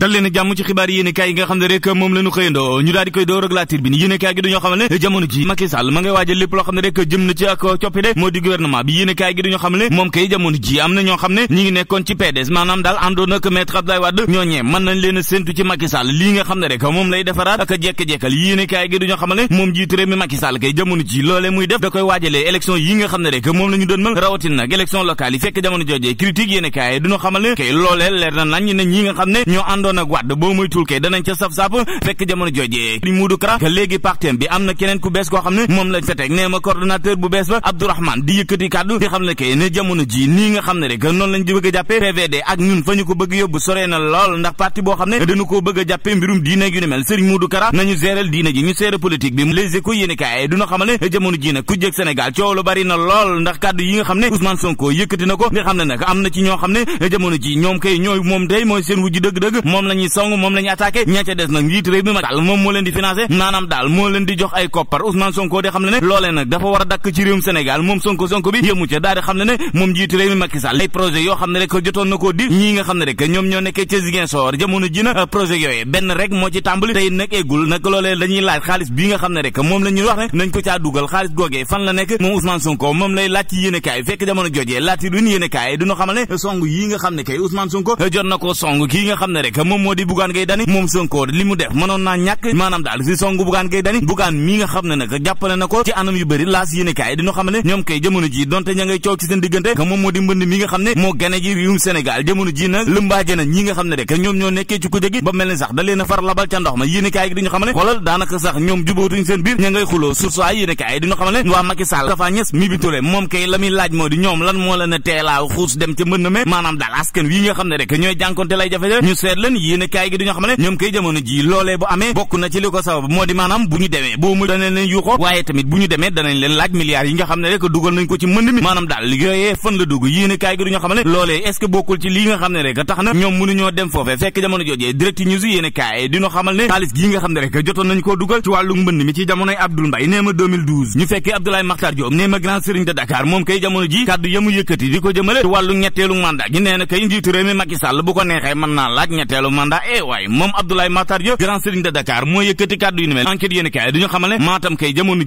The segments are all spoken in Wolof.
dal leen jàmm ci xibaar yéene yi nga xam ne rek moom lay defaraat ak jekk-jekkal yi nga xam ne rek moom la ñu mal rawatin nag élection locale yi fekk jamono joojee critique yéene kaay duñoo xamal ne kay loolee leer na nañ na ñi ku bees koo xam ne ne kay ne jamono ji nii nga xam ne a jàppe PVD ak ñun fa ñu ko bëgg a jàppe mbirum diine ji ñu seere politique bi les échos yéene kaay duna xamal ne ji nag ku jëg Sénégal coow lu bari na lool ndax kàddu yi nga xam ne Ousmane Sonko yëkkati na ko nga xam ne nag am na ci ñoo xam ne jamono ji ñoom kay ñooy moom de day mooy seen wujj moom la ñuy moom la ñuy attaqué des nag njiit mi Macky Sall moom moo leen ne ne loolee nag dafa war a dakk ci réewum moom Sonko Sonko moom njiit réew ne nañ ko caa dugal xaalis googee fan la nekk moom Ousmane Sonko moom lay laaj ci fekk jamono jojee laaj ci duñ yéene xamal ne song yi nga xam ne kay Ousmane Sonko euh, jot na ko koo song kii nga xam ne rek moom moo di Bougane Gueye Dany moom Sonko li mu def mënoon naa ñàkk maanaam daal si song Bougane Gueye Dany Bougane moo di mbënd mi nga xam ne moo gane ji yu Sénégal a moo di ñoom lan moo la ne teelaaw xuus nga xam ne rek ñooy jàng jànkonte lay jafe-jafe ñu seet leen yéene kaay gi du ñu ñoom kay jamono ji loolee bu amee bokk na ci li ko sabab moo di maanaam bu ñu demee boo mu danañ leen laaj milliards yi nga xam ne rek dugal nañ ko ci mënd mi maanaam daal yooyee fan la dugg yéene kaay gi du ñu xam ne bokkul ci lii nga xam ne rek tax na ñoom mënuñoo dem foofee fekk jamono joojee direct news yéene kaay di xamal ne xaalis gii nga xam ne rek jotoon nañ koo dugal ci wàllu neexee mën naa laaj ñetteelu mandat eh waaye moom Abdoulaye Matar grand serigne de Dakar moo yëkkati kàddu yu ni mel enquête yéen kaay xamal ne maatam kay jamono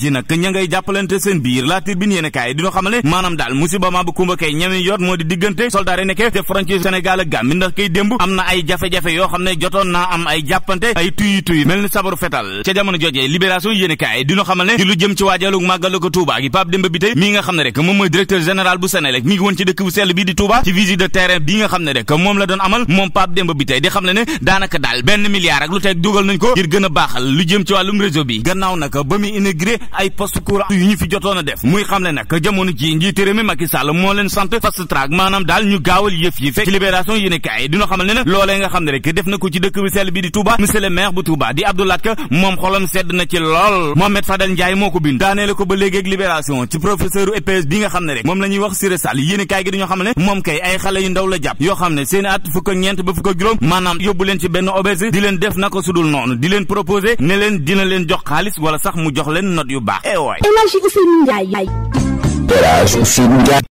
ji nag ña ngay jàppalante seen biir la tribune yéen kaay xamal ne maanaam daal monsieur ba Mabakumba kay ñami yoot moo di diggante soldat yi nekkee te frontière Sénégal ak Gambie ndax kay démb am na ay jafe-jafe yoo xam ne jotoon naa am ay jàppante ay tuyi tuyi mel ni sabaru fetal directeur général bu Senelec mi ngi woon ci dëkk bu sell bi di Touba ci visite de terrain bi nga xam ne rek moom la doon amal moom Pape Demba bi tey di xam ne ne daanaka daal benn milliard ak lu teg dugal nañ ko ngir gën baaxal lu jëm ci wàllum réseau bi gannaaw naka ba muy inauguré ay poste courant yu ñu fi jotoon a def muy xam ne nag jamono ji njiitu réew mi Macky Sall moo leen sant fast track maanaam daal ñu gaawal yëf yi fekk ci dëkk bu sell moom la ñuy wax Siré Sall yéen kaay gi dañoo xam ne moom kay ay xale yu ndaw la jàpp yoo xam ne seen at fukk ak ñeent ba fukk ak juróom maanaam yóbbu leen ci benn auberge di leen def naka sudul noonu di leen proposé ne leen dina leen jox xaalis wala sax mu jox leen not yu baax e waay